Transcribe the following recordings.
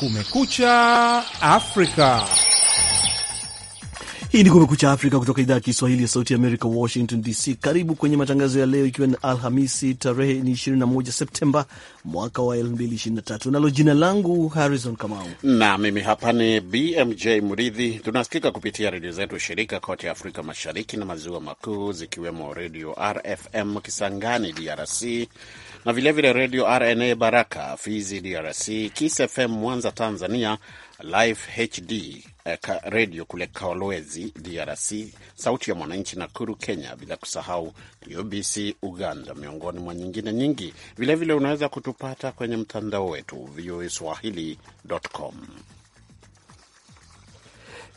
Kumekucha Afrika. Hii ni Kumekucha Afrika kutoka idhaa ya Kiswahili ya Sauti ya Amerika, Washington DC. Karibu kwenye matangazo ya leo, ikiwa ni Alhamisi tarehe ni 21 Septemba mwaka wa 2023, nalo jina langu Harrison Kamau na mimi hapa ni BMJ Muridhi. Tunasikika kupitia redio zetu shirika kote Afrika Mashariki na Maziwa Makuu, zikiwemo Redio RFM Kisangani DRC na vilevile Redio RNA Baraka Fizi DRC, kisfm FM Mwanza Tanzania, Life HD Eh, redio kule Kolwezi, DRC, Sauti ya Mwananchi Nakuru, Kenya, bila kusahau UBC Uganda, miongoni mwa nyingine nyingi. Vilevile vile unaweza kutupata kwenye mtandao wetu VOA swahili.com.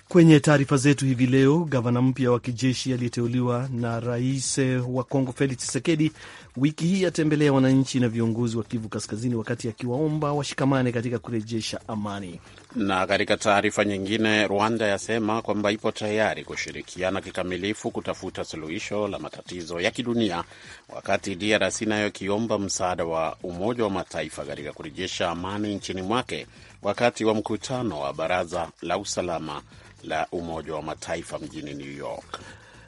Kwenye taarifa zetu hivi leo, gavana mpya wa kijeshi aliyeteuliwa na rais wa Kongo Felix Tshisekedi wiki hii atembelea wananchi na viongozi wa Kivu Kaskazini, wakati akiwaomba washikamane katika kurejesha amani. Na katika taarifa nyingine, Rwanda yasema kwamba ipo tayari kushirikiana kikamilifu kutafuta suluhisho la matatizo ya kidunia, wakati DRC nayo ikiomba msaada wa Umoja wa Mataifa katika kurejesha amani nchini mwake wakati wa mkutano wa Baraza la Usalama la Umoja wa Mataifa mjini New York.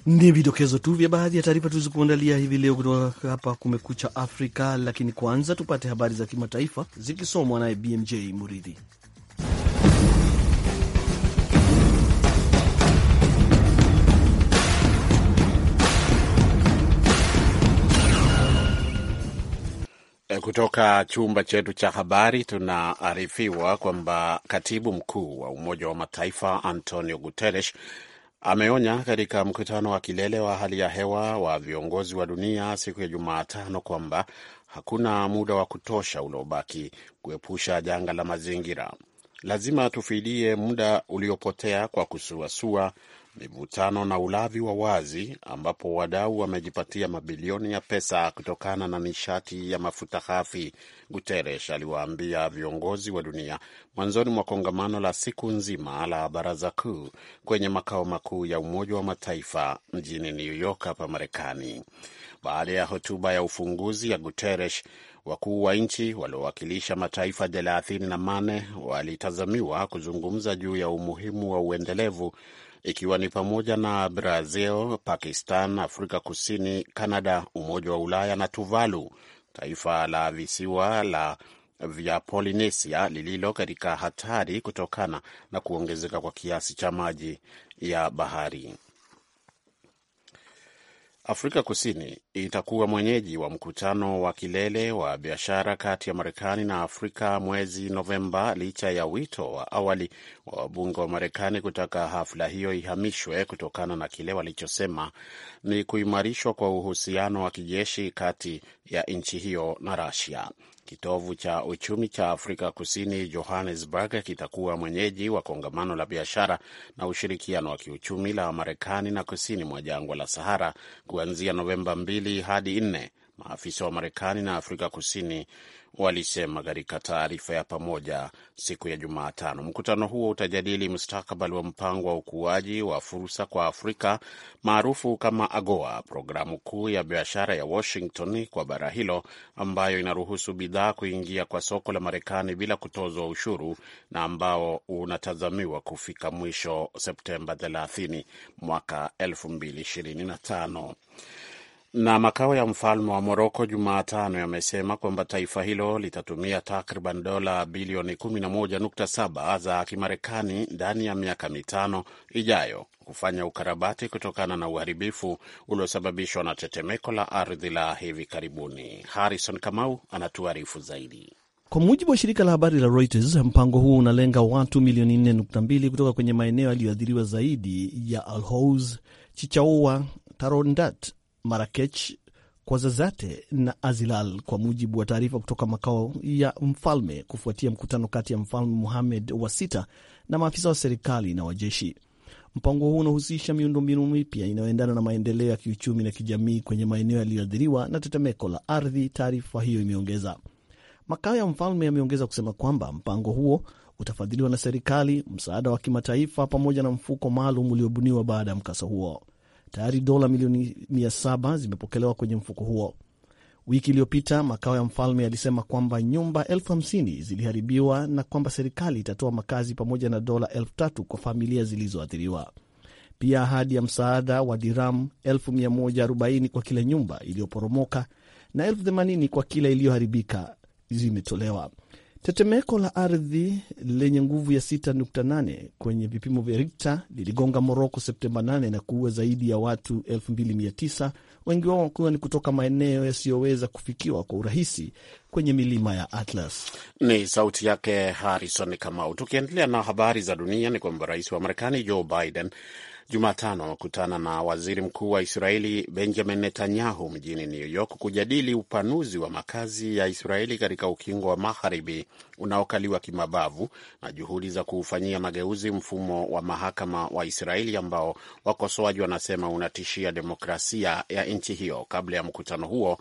Ni vidokezo tu vya baadhi ya taarifa tulizokuandalia hivi leo kutoka hapa Kumekucha Afrika, lakini kwanza tupate habari za kimataifa zikisomwa naye BMJ Muridhi. Eh, kutoka chumba chetu cha habari tunaarifiwa kwamba katibu mkuu wa Umoja wa Mataifa Antonio Guterres ameonya katika mkutano wa kilele wa hali ya hewa wa viongozi wa dunia siku ya Jumatano kwamba hakuna muda wa kutosha uliobaki kuepusha janga la mazingira. Lazima tufidie muda uliopotea kwa kusuasua mivutano na ulavi wa wazi, ambapo wadau wamejipatia mabilioni ya pesa kutokana na nishati ya mafuta ghafi, Guterres aliwaambia viongozi wa dunia mwanzoni mwa kongamano la siku nzima la baraza kuu kwenye makao makuu ya Umoja wa Mataifa mjini New York hapa Marekani. Baada ya hotuba ya ufunguzi ya Guterres, wakuu wa nchi waliowakilisha mataifa thelathini na nane walitazamiwa kuzungumza juu ya umuhimu wa uendelevu ikiwa ni pamoja na Brazil, Pakistan, Afrika Kusini, Kanada, Umoja wa Ulaya na Tuvalu, taifa la visiwa la vya Polinesia lililo katika hatari kutokana na kuongezeka kwa kiasi cha maji ya bahari. Afrika Kusini itakuwa mwenyeji wa mkutano wa kilele wa biashara kati ya Marekani na Afrika mwezi Novemba, licha ya wito wa awali wa wabunge wa Marekani kutaka hafla hiyo ihamishwe kutokana na kile walichosema ni kuimarishwa kwa uhusiano wa kijeshi kati ya nchi hiyo na rasia Kitovu cha uchumi cha Afrika Kusini, Johannesburg, kitakuwa mwenyeji wa kongamano la biashara na ushirikiano wa kiuchumi la Marekani na kusini mwa jangwa la Sahara kuanzia Novemba 2 hadi 4. Maafisa wa Marekani na Afrika Kusini walisema katika taarifa ya pamoja siku ya Jumatano. Mkutano huo utajadili mustakabali wa mpango wa ukuaji wa fursa kwa Afrika maarufu kama AGOA, programu kuu ya biashara ya Washington kwa bara hilo ambayo inaruhusu bidhaa kuingia kwa soko la Marekani bila kutozwa ushuru na ambao unatazamiwa kufika mwisho Septemba 30 mwaka 2025. Na makao ya mfalme wa Moroko Jumatano yamesema kwamba taifa hilo litatumia takriban dola bilioni 11.7 za Kimarekani ndani ya miaka mitano ijayo kufanya ukarabati kutokana na uharibifu uliosababishwa na tetemeko la ardhi la hivi karibuni. Harrison Kamau anatuarifu zaidi. Kwa mujibu wa shirika la habari la Reuters, mpango huo unalenga watu milioni 4.2 kutoka kwenye maeneo yaliyoathiriwa zaidi ya Alhous, Chichaua, Tarondat Marakech kwa Zazate na Azilal, kwa mujibu wa taarifa kutoka makao ya mfalme, kufuatia mkutano kati ya Mfalme muhamed wa sita na maafisa wa serikali na wajeshi. Mpango huu unahusisha miundombinu mipya inayoendana na maendeleo ya kiuchumi na kijamii kwenye maeneo yaliyoathiriwa na tetemeko la ardhi, taarifa hiyo imeongeza. Makao ya mfalme yameongeza kusema kwamba mpango huo utafadhiliwa na serikali, msaada wa kimataifa pamoja na mfuko maalum uliobuniwa baada ya mkasa huo. Tayari dola milioni saba zimepokelewa kwenye mfuko huo. Wiki iliyopita makao ya mfalme yalisema kwamba nyumba elfu hamsini ziliharibiwa na kwamba serikali itatoa makazi pamoja na dola elfu tatu kwa familia zilizoathiriwa. Pia ahadi ya msaada wa diram arobaini kwa kila nyumba iliyoporomoka na themanini kwa kila iliyoharibika zimetolewa. Tetemeko la ardhi lenye nguvu ya 6.8 kwenye vipimo vya rikta liligonga Moroko Septemba 8 na kuua zaidi ya watu 2900 wengi wao wakiwa ni kutoka maeneo yasiyoweza kufikiwa kwa urahisi kwenye milima ya Atlas. Ni sauti yake Harrison Kamau. Tukiendelea na habari za dunia, ni kwamba rais wa Marekani Joe Biden Jumatano amekutana na waziri mkuu wa Israeli Benjamin Netanyahu mjini New York kujadili upanuzi wa makazi ya Israeli katika ukingo wa magharibi unaokaliwa kimabavu na juhudi za kuufanyia mageuzi mfumo wa mahakama wa Israeli ambao wakosoaji wanasema unatishia demokrasia ya nchi hiyo. Kabla ya mkutano huo,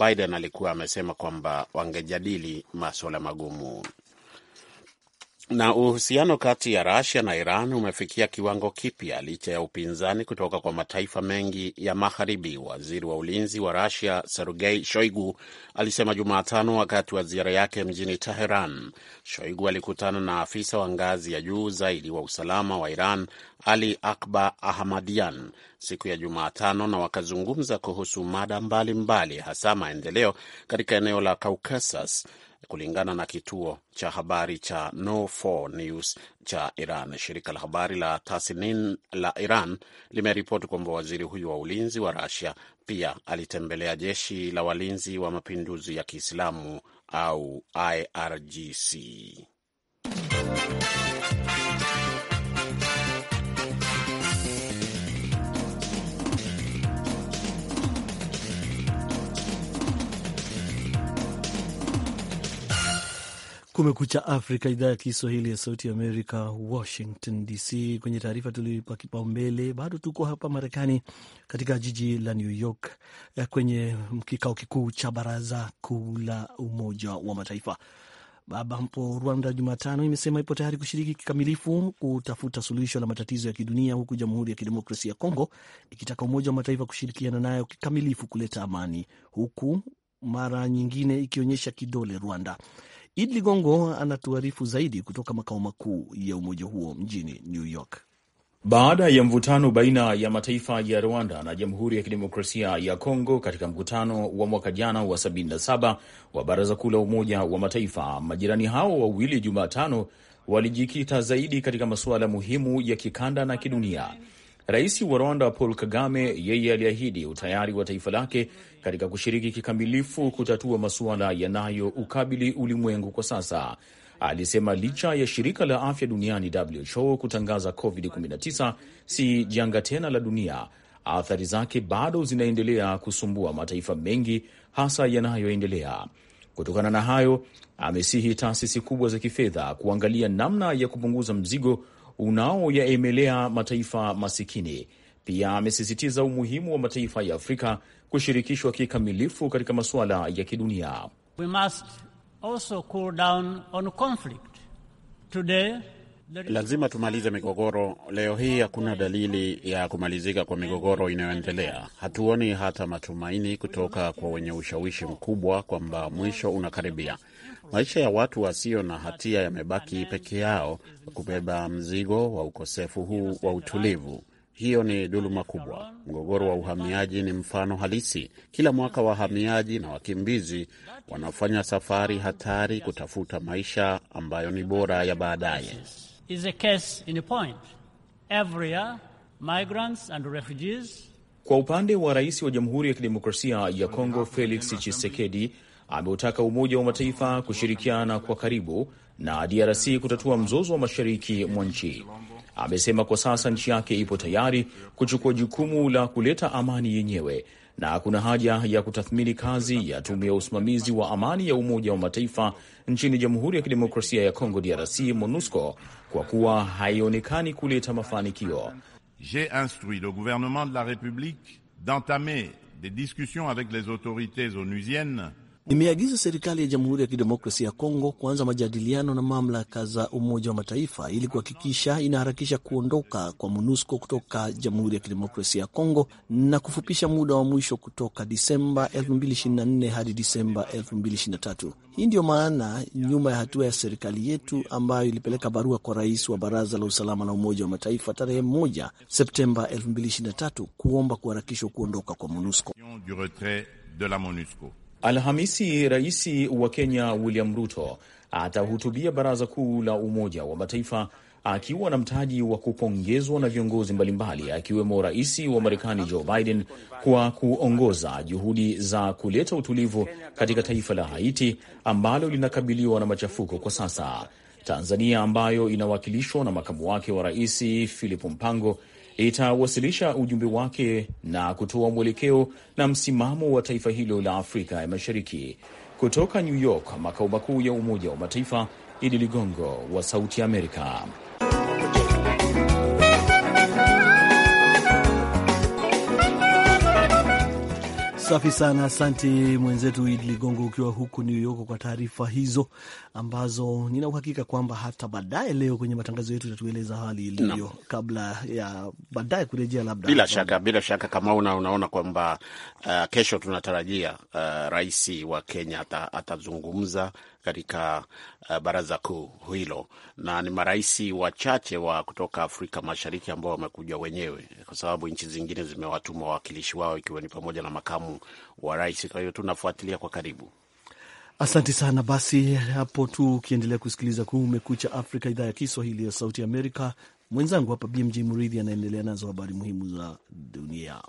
Biden alikuwa amesema kwamba wangejadili maswala magumu. Na uhusiano kati ya Russia na Iran umefikia kiwango kipya licha ya upinzani kutoka kwa mataifa mengi ya Magharibi, waziri wa ulinzi wa Russia Sergei Shoigu alisema Jumatano wakati wa ziara yake mjini Teheran. Shoigu alikutana na afisa wa ngazi ya juu zaidi wa usalama wa Iran Ali Akbar Ahmadian siku ya Jumatano na wakazungumza kuhusu mada mbalimbali mbali, hasa maendeleo katika eneo la Caucasus kulingana na kituo cha habari cha No4 News cha Iran. Shirika la habari la Tasnin la Iran limeripoti kwamba waziri huyu wa ulinzi wa Russia pia alitembelea jeshi la walinzi wa mapinduzi ya Kiislamu au IRGC. Kumekucha Afrika, idhaa ya Kiswahili ya Sauti ya Amerika, Washington DC. Kwenye taarifa tuliyoipa kipaumbele, bado tuko hapa Marekani, katika jiji la New York eh, kwenye kikao kikuu cha Baraza Kuu la Umoja wa Mataifa ambapo Rwanda Jumatano imesema ipo tayari kushiriki kikamilifu kutafuta suluhisho la matatizo ya kidunia, huku Jamhuri ya Kidemokrasia ya Kongo ikitaka Umoja wa Mataifa kushirikiana nayo kikamilifu kuleta amani, huku mara nyingine ikionyesha kidole Rwanda. Id Ligongo anatuarifu zaidi kutoka makao makuu ya umoja huo mjini New York. Baada ya mvutano baina ya mataifa ya Rwanda na Jamhuri ya Kidemokrasia ya Kongo katika mkutano wa mwaka jana wa 77 wa Baraza Kuu la Umoja wa Mataifa, majirani hao wawili Jumatano walijikita zaidi katika masuala muhimu ya kikanda na kidunia. Rais wa Rwanda Paul Kagame yeye aliahidi utayari wa taifa lake katika kushiriki kikamilifu kutatua masuala yanayoukabili ulimwengu kwa sasa. Alisema licha ya shirika la afya duniani WHO kutangaza COVID-19 si janga tena la dunia, athari zake bado zinaendelea kusumbua mataifa mengi, hasa yanayoendelea. Kutokana na hayo, amesihi taasisi kubwa za kifedha kuangalia namna ya kupunguza mzigo unaoyaemelea mataifa masikini. Pia amesisitiza umuhimu wa mataifa ya Afrika kushirikishwa kikamilifu katika masuala ya kidunia. We must also cool down on conflict. Today, lazima tumalize migogoro. Leo hii hakuna dalili ya kumalizika kwa migogoro inayoendelea. Hatuoni hata matumaini kutoka kwa wenye ushawishi mkubwa kwamba mwisho unakaribia. Maisha ya watu wasio na hatia yamebaki peke yao kubeba mzigo wa ukosefu huu wa utulivu. Hiyo ni dhuluma kubwa. Mgogoro wa uhamiaji ni mfano halisi. Kila mwaka wahamiaji na wakimbizi wanafanya safari hatari kutafuta maisha ambayo ni bora ya baadaye. Kwa upande wa rais wa Jamhuri ya Kidemokrasia ya Kongo Felix Tshisekedi ameutaka Umoja wa Mataifa kushirikiana kwa karibu na DRC kutatua mzozo wa mashariki mwa nchi. Amesema kwa sasa nchi yake ipo tayari kuchukua jukumu la kuleta amani yenyewe na kuna haja ya kutathmini kazi ya tume ya usimamizi wa amani ya Umoja wa Mataifa nchini Jamhuri ya Kidemokrasia ya Kongo DRC, MONUSCO, kwa kuwa haionekani kuleta mafanikio. J'ai instruit le gouvernement de la republique d'entamer des discussions avec les autorités onusiennes imeagiza serikali ya Jamhuri ya Kidemokrasia ya Kongo kuanza majadiliano na mamlaka za Umoja wa Mataifa ili kuhakikisha inaharakisha kuondoka kwa MONUSCO kutoka Jamhuri ya Kidemokrasia ya Kongo na kufupisha muda wa mwisho kutoka Disemba 2024 hadi Disemba 2023. Hii ndiyo maana nyuma ya hatua ya serikali yetu ambayo ilipeleka barua kwa rais wa Baraza la Usalama la Umoja wa Mataifa tarehe 1 Septemba 2023 kuomba kuharakishwa kuondoka kwa MONUSCO. Alhamisi rais wa Kenya William Ruto atahutubia baraza kuu la Umoja wa Mataifa akiwa na mtaji wa kupongezwa na viongozi mbalimbali akiwemo rais wa Marekani Joe Biden kwa kuongoza juhudi za kuleta utulivu katika taifa la Haiti ambalo linakabiliwa na machafuko kwa sasa. Tanzania ambayo inawakilishwa na makamu wake wa rais Philip Mpango itawasilisha ujumbe wake na kutoa mwelekeo na msimamo wa taifa hilo la Afrika ya Mashariki. Kutoka New York, makao makuu ya Umoja wa Mataifa, Idi Ligongo wa Sauti Amerika. Safi sana, asante mwenzetu Idi Ligongo ukiwa huku New York kwa taarifa hizo ambazo nina uhakika kwamba hata baadaye leo kwenye matangazo yetu itatueleza hali ilivyo no. kabla ya baadaye kurejea labda. Bila shaka, bila shaka kama una, unaona kwamba uh, kesho tunatarajia uh, rais wa Kenya atazungumza katika uh, baraza kuu hilo, na ni maraisi wachache wa kutoka Afrika Mashariki ambao wamekuja wenyewe, kwa sababu nchi zingine zimewatuma wawakilishi wao, ikiwa ni pamoja na makamu wa rais. Kwa hiyo tunafuatilia kwa karibu. Asante sana. Basi hapo tu ukiendelea kusikiliza Kumekucha Afrika, idhaa ya Kiswahili ya Sauti Amerika, mwenzangu hapa BMJ Muridhi anaendelea nazo habari muhimu za dunia.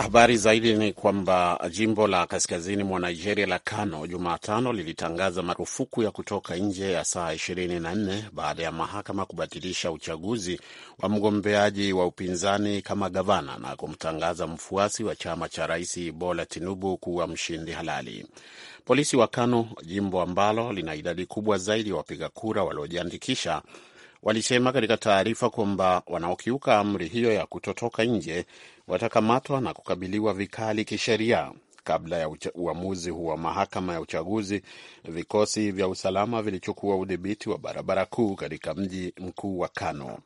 Habari zaidi ni kwamba jimbo la kaskazini mwa Nigeria la Kano Jumatano lilitangaza marufuku ya kutoka nje ya saa 24 baada ya mahakama kubatilisha uchaguzi wa mgombeaji wa upinzani kama gavana na kumtangaza mfuasi wa chama cha rais Bola Tinubu kuwa mshindi halali. Polisi wa Kano, jimbo ambalo lina idadi kubwa zaidi ya wapiga kura waliojiandikisha, walisema katika taarifa kwamba wanaokiuka amri hiyo ya kutotoka nje watakamatwa na kukabiliwa vikali kisheria. Kabla ya uamuzi huu wa mahakama ya uchaguzi, vikosi vya usalama vilichukua udhibiti wa barabara kuu katika mji mkuu wa Kano.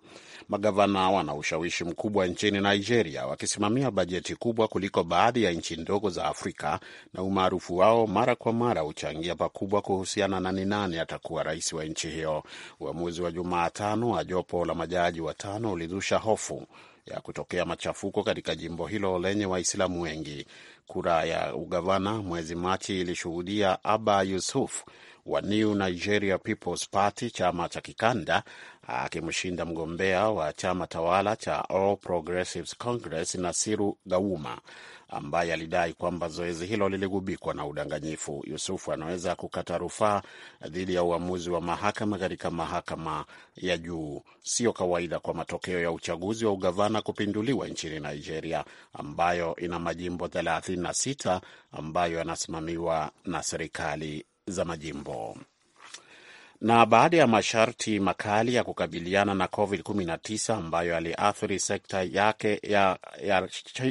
Magavana wana ushawishi mkubwa nchini Nigeria, wakisimamia bajeti kubwa kuliko baadhi ya nchi ndogo za Afrika, na umaarufu wao mara kwa mara huchangia pakubwa kuhusiana na ni nani atakuwa rais wa nchi hiyo. Uamuzi wa Jumatano wa jopo la majaji watano ulizusha hofu ya kutokea machafuko katika jimbo hilo lenye Waislamu wengi. Kura ya ugavana mwezi Machi ilishuhudia Aba Yusuf wa New Nigeria People's Party, chama cha kikanda, akimshinda mgombea wa chama tawala cha All Progressives Congress Nasiru Gauma ambaye alidai kwamba zoezi hilo liligubikwa na udanganyifu. Yusufu anaweza kukata rufaa dhidi ya uamuzi wa mahakama katika mahakama ya juu. Sio kawaida kwa matokeo ya uchaguzi wa ugavana kupinduliwa nchini Nigeria, ambayo ina majimbo 36 ambayo yanasimamiwa na serikali za majimbo. Na baada ya masharti makali ya kukabiliana na COVID-19 ambayo yaliathiri sekta yake ya, ya,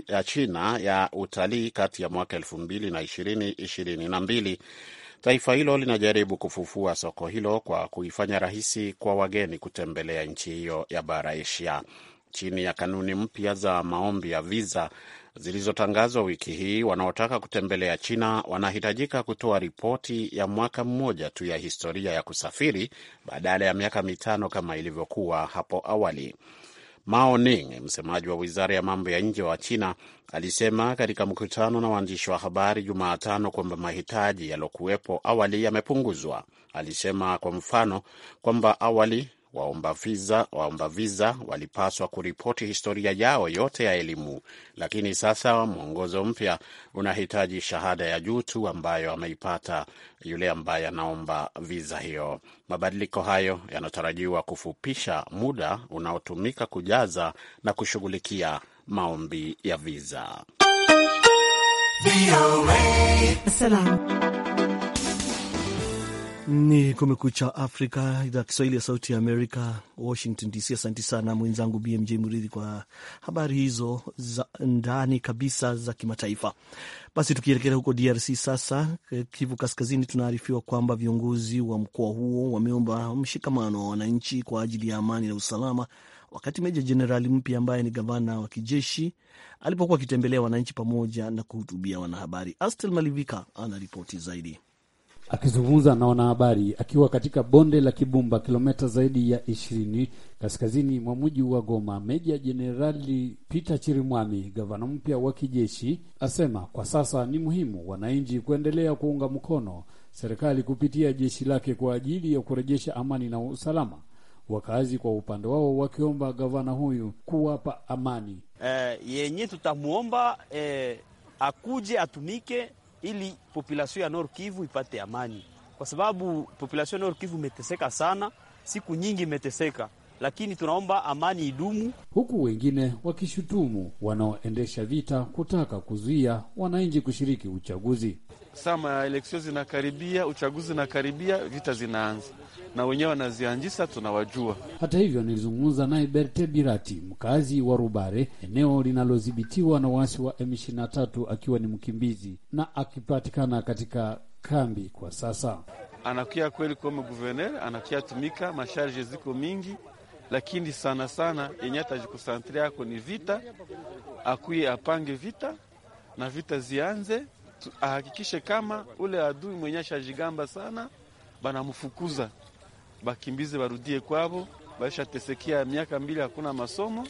ya China ya utalii kati ya mwaka 2020-2022 taifa hilo linajaribu kufufua soko hilo kwa kuifanya rahisi kwa wageni kutembelea nchi hiyo ya bara Asia. Chini ya kanuni mpya za maombi ya viza zilizotangazwa wiki hii, wanaotaka kutembelea China wanahitajika kutoa ripoti ya mwaka mmoja tu ya historia ya kusafiri badala ya miaka mitano kama ilivyokuwa hapo awali. Mao Ning, msemaji wa wizara ya mambo ya nje wa China, alisema katika mkutano na waandishi wa habari Jumatano kwamba mahitaji yaliyokuwepo awali yamepunguzwa. Alisema kwa mfano kwamba awali waomba viza waomba walipaswa kuripoti historia yao yote ya elimu, lakini sasa mwongozo mpya unahitaji shahada ya juu tu ambayo ameipata yule ambaye anaomba viza hiyo. Mabadiliko hayo yanatarajiwa kufupisha muda unaotumika kujaza na kushughulikia maombi ya viza ni Kumekucha Afrika, idhaa ya Kiswahili ya Sauti ya Amerika, Washington DC. Asante sana mwenzangu BMJ Muridhi kwa habari hizo za ndani kabisa za kimataifa. Basi tukielekea huko DRC sasa, Kivu Kaskazini, tunaarifiwa kwamba viongozi wa mkoa huo wameomba mshikamano wa wananchi kwa ajili ya amani na usalama, wakati meja jenerali mpya ambaye ni gavana wa kijeshi alipokuwa akitembelea wananchi pamoja na kuhutubia wanahabari. Astel Malivika anaripoti zaidi. Akizungumza na wanahabari akiwa katika bonde la Kibumba, kilomita zaidi ya ishirini kaskazini mwa mji wa Goma, Meja Jenerali Peter Chirimwami, gavana mpya wa kijeshi, asema kwa sasa ni muhimu wananchi kuendelea kuunga mkono serikali kupitia jeshi lake kwa ajili ya kurejesha amani na usalama. Wakazi kwa upande wao wakiomba gavana huyu kuwapa amani. Eh, yenye tutamwomba eh, akuje atumike ili population ya Nord Kivu ipate amani, kwa sababu population ya Nord Kivu imeteseka sana, siku nyingi imeteseka, lakini tunaomba amani idumu, huku wengine wakishutumu wanaoendesha vita kutaka kuzuia wananchi kushiriki uchaguzi sama ya eleksio zinakaribia, uchaguzi unakaribia, vita zinaanza na wenyewe wanazianjisa, tunawajua. Hata hivyo, nilizungumza naye Berte Birati, mkazi wa Rubare, eneo linalodhibitiwa na waasi wa M23, akiwa ni mkimbizi na akipatikana katika kambi kwa sasa. Anakia kweli kome guverner anakia tumika, masharge ziko mingi, lakini sana sana yenye atajikusantre yako ni vita, akuye apange vita na vita zianze ahakikishe kama ule adui mwenye ashajigamba sana banamfukuza, bakimbize barudie kwabo, baishatesekia miaka mbili hakuna masomo.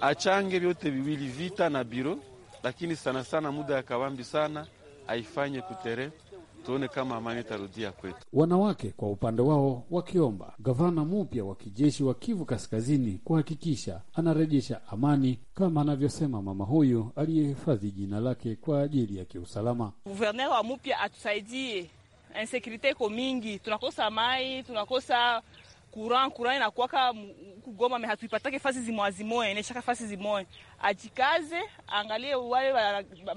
Achange vyote viwili, vita na biro, lakini sana sana muda ya kawambi sana aifanye kutere tuone kama amani itarudia kwetu. Wanawake kwa upande wao wakiomba gavana mpya wa kijeshi wa Kivu Kaskazini kuhakikisha anarejesha amani kama anavyosema mama huyu aliyehifadhi jina lake kwa ajili ya kiusalama. Guverner wa mpya atusaidie, insekurite iko mingi, tunakosa mai, tunakosa kuran kuran inakuwaka kugoma mehatuipatake hatuipatake fasi zimoya neshaka fasi zimoe Ajikaze, angalie wale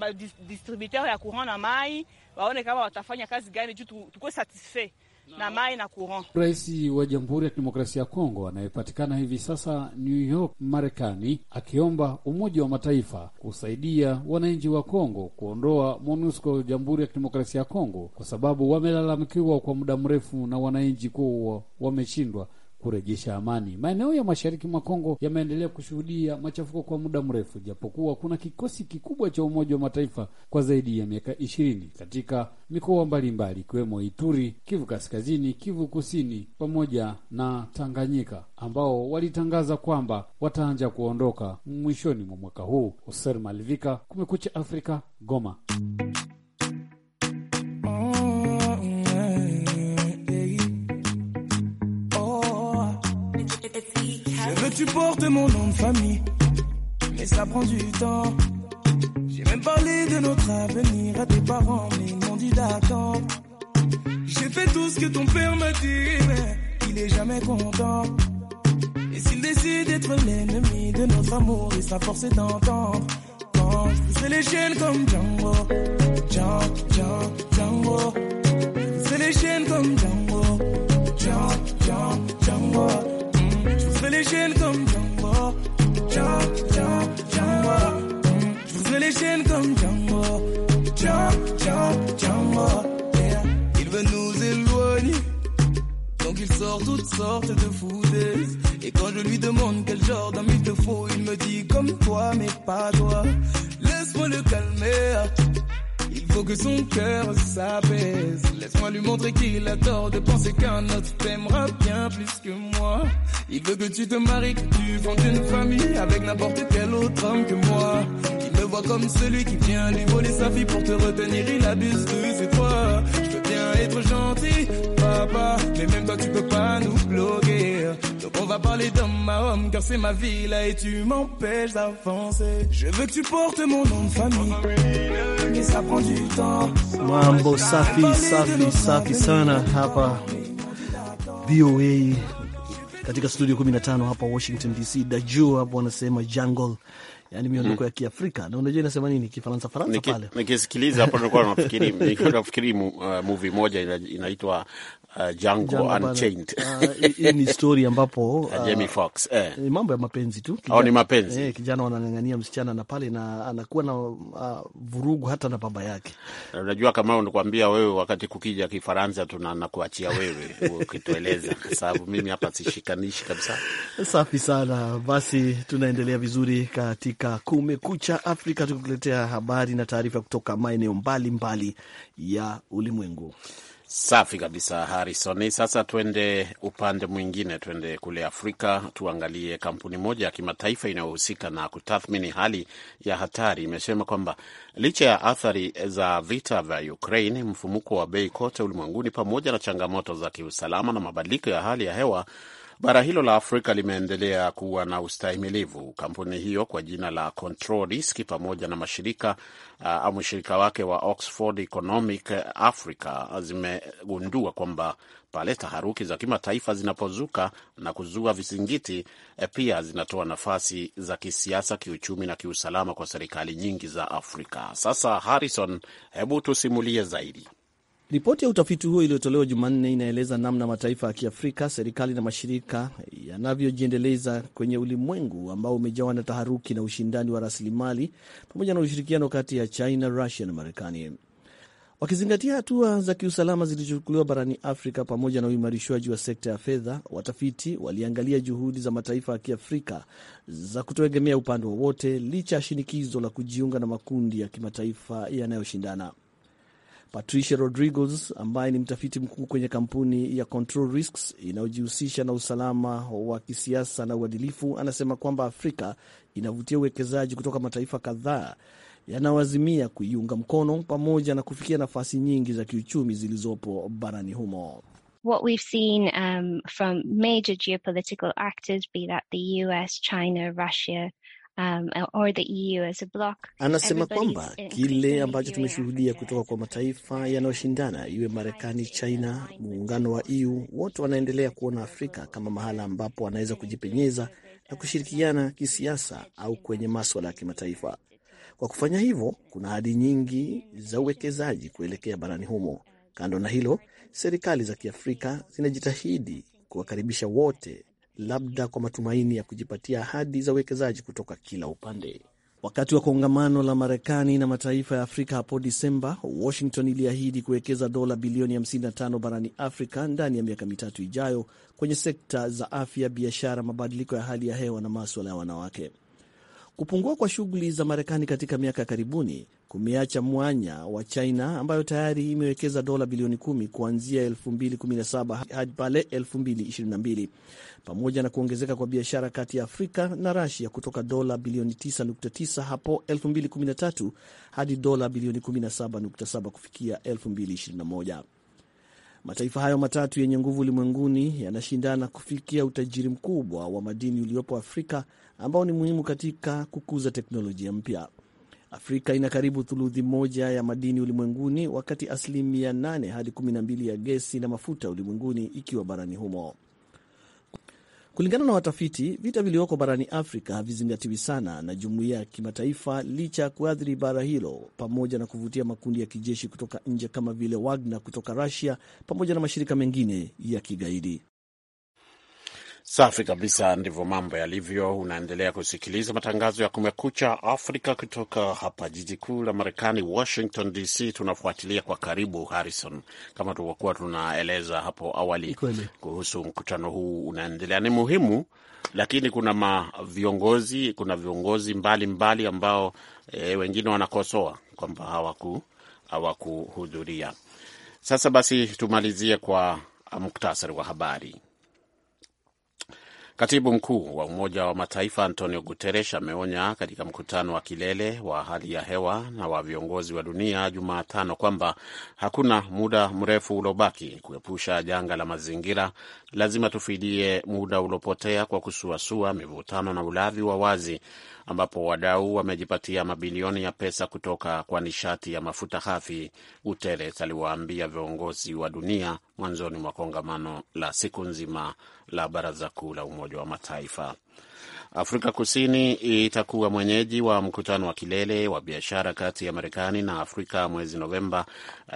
ba distributeur ya kuran na mai waone kama watafanya kazi gani juu tukuwe satisfait na mai na courant. Rais wa Jamhuri ya Kidemokrasia ya Kongo anayepatikana hivi sasa New York, Marekani, akiomba Umoja wa Mataifa kusaidia wananchi wa Kongo kuondoa MONUSCO Jamhuri ya Kidemokrasia ya Kongo kwa sababu wamelalamikiwa kwa muda mrefu na wananchi kuwa wameshindwa kurejesha amani. Maeneo ya mashariki mwa Kongo yameendelea kushuhudia machafuko kwa muda mrefu, japokuwa kuna kikosi kikubwa cha Umoja wa Mataifa kwa zaidi ya miaka ishirini katika mikoa mbalimbali ikiwemo Ituri, Kivu Kaskazini, Kivu Kusini pamoja na Tanganyika, ambao walitangaza kwamba wataanja kuondoka mwishoni mwa mwaka huu. Hoser Malivika, Kumekucha Afrika, Goma. tu portes mon nom de famille, mais ça prend du temps. J'ai même parlé de notre avenir à tes parents, mais ils m'ont dit d'attendre. J'ai fait tout ce que ton père m'a dit, mais il est jamais content. Et s'il décide d'être l'ennemi de notre amour, il sera forcé d'entendre. C'est les chaînes comme Django, Django, Django, Django. C'est les chaînes comme Django, Django, Django, Django chaînes comme Django. Django, Je vous mets les chaînes comme Django. Django, Django, Django. Il veut nous éloigner. Donc il sort toutes sortes de foutaises. Et quand je lui demande quel genre d'homme il te faut, il me dit comme toi, mais pas toi. Laisse-moi le calmer faut que son cœur s'apaise. Laisse-moi lui montrer qu'il a tort de penser qu'un autre t'aimera bien plus que moi. Il veut que tu te maries, que tu vends une famille avec n'importe quel autre homme que moi. Il me voit comme celui qui vient lui voler sa vie pour te retenir, il abuse de ses droits. Je veux bien être gentil, papa, mais même toi tu peux pas nous bloquer. Donc on va parler d'homme à homme car c'est ma vie là et tu m'empêches d'avancer. Je veux que tu portes mon nom de famille. Mais ça prend du temps. Mambo safi safi safi sana hapa BOA katika studio 15 hapa Washington DC. Daju hapo wanasema jungle yani miondoko mm. ya Kiafrika na unajua inasema nini Kifaransa Faransa pale nikisikiliza hapo nilikuwa nafikiri nafikiri uh, movie moja inaitwa Uh, Django Unchained. Ah, Hii ni story ambapo uh, ah, Jamie Foxx eh. eh, mambo ya mapenzi tu oh, kijana, ni mapenzi eh, kijana wanang'ang'ania msichana na pale na anakuwa na uh, vurugu hata na baba yake. Eh, unajua kama nikuambia wewe, wakati kukija Kifaransa tuna nakuachia wewe ukitueleza, sababu mimi hapa sishikanishi kabisa. Safi sana, basi tunaendelea vizuri katika Kumekucha Afrika, tukuletea habari na taarifa kutoka maeneo mbalimbali ya ulimwengu. Safi kabisa Harison. Sasa tuende upande mwingine, tuende kule Afrika, tuangalie kampuni moja ya kimataifa inayohusika na kutathmini hali ya hatari imesema kwamba licha ya athari za vita vya Ukraine, mfumuko wa bei kote ulimwenguni, pamoja na changamoto za kiusalama na mabadiliko ya hali ya hewa Bara hilo la Afrika limeendelea kuwa na ustahimilivu. Kampuni hiyo kwa jina la Control Risk pamoja na mashirika uh, au mshirika wake wa Oxford Economic Africa zimegundua kwamba pale taharuki za kimataifa zinapozuka na kuzua vizingiti, eh, pia zinatoa nafasi za kisiasa, kiuchumi na kiusalama kwa serikali nyingi za Afrika. Sasa Harrison, hebu tusimulie zaidi. Ripoti ya utafiti huo iliyotolewa Jumanne inaeleza namna mataifa ya Kiafrika, serikali na mashirika yanavyojiendeleza kwenye ulimwengu ambao umejawa na taharuki na ushindani wa rasilimali pamoja na ushirikiano kati ya China, Rusia na Marekani. Wakizingatia hatua za kiusalama zilizochukuliwa barani Afrika pamoja na uimarishwaji wa sekta ya fedha, watafiti waliangalia juhudi za mataifa ya Kiafrika za kutoegemea upande wowote licha ya shinikizo la kujiunga na makundi ya kimataifa yanayoshindana. Patricia Rodriguez ambaye ni mtafiti mkuu kwenye kampuni ya Control Risks inayojihusisha na usalama wa kisiasa na uadilifu, anasema kwamba Afrika inavutia uwekezaji kutoka mataifa kadhaa yanayoazimia kuiunga mkono pamoja na kufikia nafasi nyingi za kiuchumi zilizopo barani humo. What we've seen, um, from major geopolitical actors, be that the US, China, Russia, Um, or the EU as a Anasema kwamba kile ambacho tumeshuhudia kutoka kwa mataifa yanayoshindana iwe Marekani, China, muungano wa EU, e wote wanaendelea kuona Afrika kama mahala ambapo wanaweza kujipenyeza na kushirikiana kisiasa au kwenye maswala ya kimataifa. Kwa kufanya hivyo, kuna ahadi nyingi za uwekezaji kuelekea barani humo. Kando na hilo, serikali za Kiafrika zinajitahidi kuwakaribisha wote labda kwa matumaini ya kujipatia ahadi za uwekezaji kutoka kila upande. Wakati wa kongamano la Marekani na mataifa ya Afrika hapo Disemba, Washington iliahidi kuwekeza dola bilioni 55 barani Afrika ndani ya miaka mitatu ijayo kwenye sekta za afya, biashara, mabadiliko ya hali ya hewa na maswala ya wanawake. Kupungua kwa shughuli za Marekani katika miaka ya karibuni kumeacha mwanya wa China ambayo tayari imewekeza dola bilioni 1 kuanzia 2017 hadi pale 2022, pamoja na kuongezeka kwa biashara kati ya Afrika na Rasia kutoka dola bilioni 9.9 hapo 2013 hadi dola bilioni 17.7 kufikia 2021. Mataifa hayo matatu yenye nguvu ulimwenguni yanashindana kufikia utajiri mkubwa wa madini uliopo Afrika ambao ni muhimu katika kukuza teknolojia mpya. Afrika ina karibu thuluthi moja ya madini ulimwenguni, wakati asilimia 8 hadi 12 ya gesi na mafuta ulimwenguni ikiwa barani humo. Kulingana na watafiti, vita vilivyoko barani Afrika havizingatiwi sana na jumuiya ya kimataifa licha ya kuathiri bara hilo, pamoja na kuvutia makundi ya kijeshi kutoka nje kama vile Wagner kutoka Russia, pamoja na mashirika mengine ya kigaidi. Safi kabisa, ndivyo mambo yalivyo. Unaendelea kusikiliza matangazo ya Kumekucha Afrika kutoka hapa jiji kuu la Marekani, Washington DC. Tunafuatilia kwa karibu, Harrison, kama tulivyokuwa tunaeleza hapo awali kuhusu mkutano huu unaendelea, ni muhimu, lakini kuna ma viongozi kuna viongozi mbalimbali mbali ambao e, wengine wanakosoa kwamba hawaku hawakuhudhuria. Sasa basi tumalizie kwa muktasari wa habari. Katibu mkuu wa Umoja wa Mataifa Antonio Guterres ameonya katika mkutano wa kilele wa hali ya hewa na wa viongozi wa dunia Jumatano kwamba hakuna muda mrefu uliobaki kuepusha janga la mazingira. Lazima tufidie muda uliopotea kwa kusuasua, mivutano na ulavi wa wazi ambapo wadau wamejipatia mabilioni ya pesa kutoka kwa nishati ya mafuta ghafi, Guterres aliwaambia viongozi wa dunia mwanzoni mwa kongamano la siku nzima la Baraza Kuu la Umoja wa Mataifa. Afrika Kusini itakuwa mwenyeji wa mkutano wa kilele wa biashara kati ya Marekani na Afrika mwezi Novemba,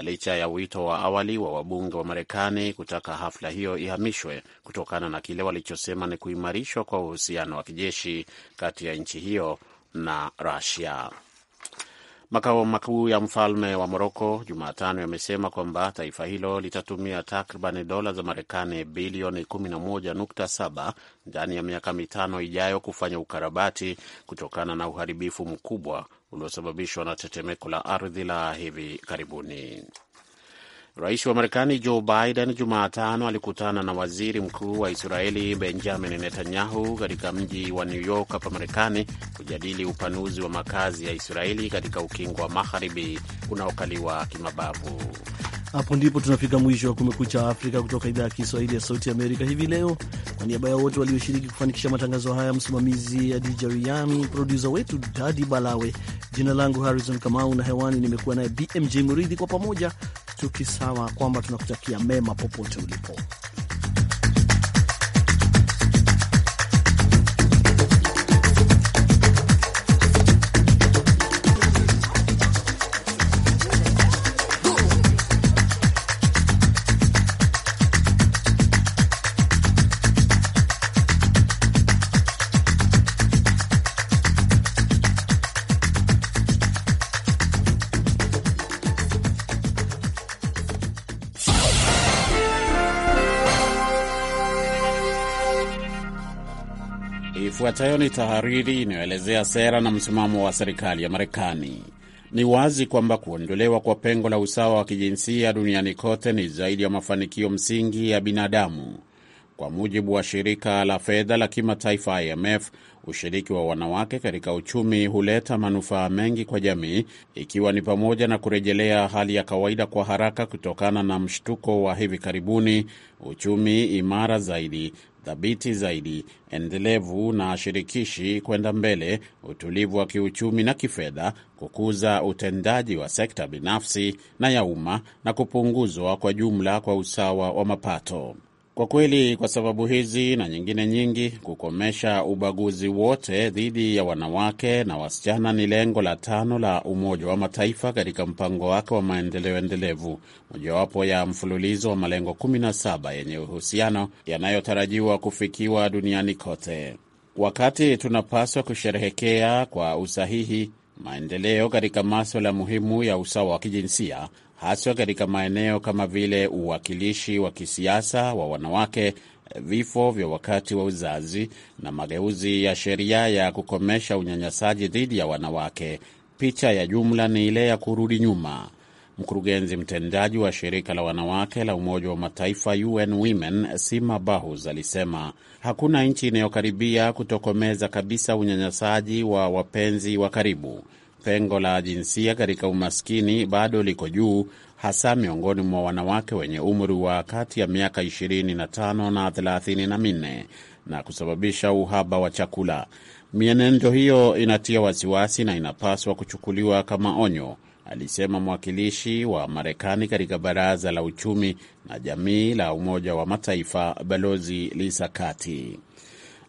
licha ya wito wa awali wa wabunge wa Marekani kutaka hafla hiyo ihamishwe kutokana na kile walichosema ni kuimarishwa kwa uhusiano wa kijeshi kati ya nchi hiyo na Rusia. Makao makuu ya mfalme wa Moroko Jumatano yamesema kwamba taifa hilo litatumia takriban dola za Marekani bilioni 11.7 ndani ya miaka mitano ijayo kufanya ukarabati kutokana na uharibifu mkubwa uliosababishwa na tetemeko la ardhi la hivi karibuni. Rais wa Marekani Joe Biden Jumatano alikutana na waziri mkuu wa Israeli Benjamin Netanyahu katika mji wa New York hapa Marekani kujadili upanuzi wa makazi ya Israeli katika ukingo wa magharibi unaokaliwa kimabavu. Hapo ndipo tunafika mwisho wa Kumekucha Afrika kutoka idhaa ya Kiswahili ya Sauti Amerika hivi leo. Kwa niaba ya wote walioshiriki kufanikisha matangazo haya, msimamizi DJ Riami, produsa wetu Dadi Balawe, jina langu Harrison Kamau na hewani nimekuwa naye BMJ Muridhi, kwa pamoja tukisawa kwamba tunakutakia mema popote ulipo. Ifuatayo ni tahariri inayoelezea sera na msimamo wa serikali ya Marekani. Ni wazi kwamba kuondolewa kwa pengo la usawa wa kijinsia duniani kote ni zaidi ya mafanikio msingi ya binadamu. Kwa mujibu wa shirika la fedha la kimataifa IMF, Ushiriki wa wanawake katika uchumi huleta manufaa mengi kwa jamii, ikiwa ni pamoja na kurejelea hali ya kawaida kwa haraka kutokana na mshtuko wa hivi karibuni, uchumi imara zaidi, thabiti zaidi, endelevu na shirikishi kwenda mbele, utulivu wa kiuchumi na kifedha, kukuza utendaji wa sekta binafsi na ya umma, na kupunguzwa kwa jumla kwa usawa wa mapato. Kwa kweli, kwa sababu hizi na nyingine nyingi, kukomesha ubaguzi wote dhidi ya wanawake na wasichana ni lengo la tano la Umoja wa Mataifa katika mpango wake wa maendeleo endelevu, mojawapo ya mfululizo wa malengo 17 yenye uhusiano yanayotarajiwa kufikiwa duniani kote. Wakati tunapaswa kusherehekea kwa usahihi maendeleo katika maswala muhimu ya usawa wa kijinsia haswa katika maeneo kama vile uwakilishi wa kisiasa wa wanawake, vifo vya wakati wa uzazi na mageuzi ya sheria ya kukomesha unyanyasaji dhidi ya wanawake. Picha ya jumla ni ile ya kurudi nyuma. Mkurugenzi mtendaji wa shirika la wanawake la Umoja wa Mataifa UN Women Sima Bahus alisema hakuna nchi inayokaribia kutokomeza kabisa unyanyasaji wa wapenzi wa karibu. Pengo la jinsia katika umaskini bado liko juu, hasa miongoni mwa wanawake wenye umri wa kati ya miaka 25 na 34 na kusababisha uhaba wa chakula. Mienendo hiyo inatia wasiwasi na inapaswa kuchukuliwa kama onyo alisema mwakilishi wa Marekani katika Baraza la Uchumi na Jamii la Umoja wa Mataifa Balozi Lisa Kati.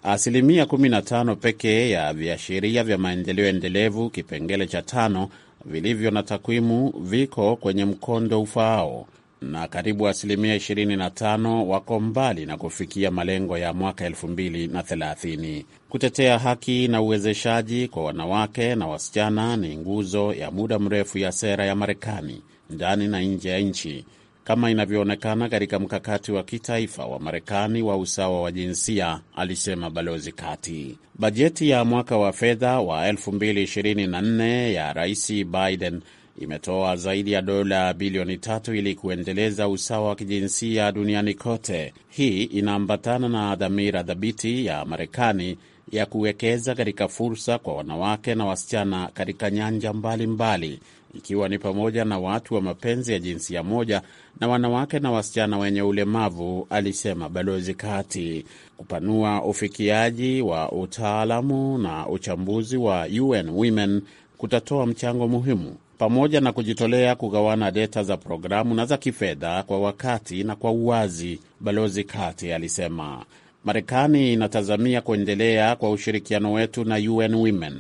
Asilimia 15 pekee ya viashiria vya maendeleo endelevu, kipengele cha tano, vilivyo na takwimu viko kwenye mkondo ufaao na karibu asilimia 25 wako mbali na kufikia malengo ya mwaka 2030. Kutetea haki na uwezeshaji kwa wanawake na wasichana ni nguzo ya muda mrefu ya sera ya Marekani ndani na nje ya nchi, kama inavyoonekana katika mkakati wa kitaifa wa Marekani wa usawa wa jinsia, alisema Balozi Kati. Bajeti ya mwaka wa fedha wa 2024 ya Rais Biden imetoa zaidi ya dola bilioni tatu ili kuendeleza usawa wa kijinsia duniani kote. Hii inaambatana na dhamira dhabiti ya Marekani ya kuwekeza katika fursa kwa wanawake na wasichana katika nyanja mbalimbali mbali, ikiwa ni pamoja na watu wa mapenzi ya jinsia moja na wanawake na wasichana wenye ulemavu, alisema Balozi Kati. Kupanua ufikiaji wa utaalamu na uchambuzi wa UN Women kutatoa mchango muhimu pamoja na kujitolea kugawana deta za programu na za kifedha kwa wakati na kwa uwazi, Balozi Kati alisema. Marekani inatazamia kuendelea kwa ushirikiano wetu na UN Women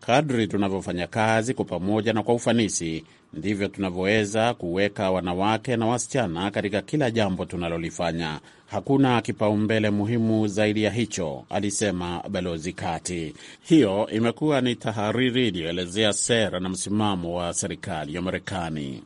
kadri tunavyofanya kazi kwa pamoja na kwa ufanisi Ndivyo tunavyoweza kuweka wanawake na wasichana katika kila jambo tunalolifanya. Hakuna kipaumbele muhimu zaidi ya hicho, alisema balozi Kati. Hiyo imekuwa ni tahariri iliyoelezea sera na msimamo wa serikali ya Marekani.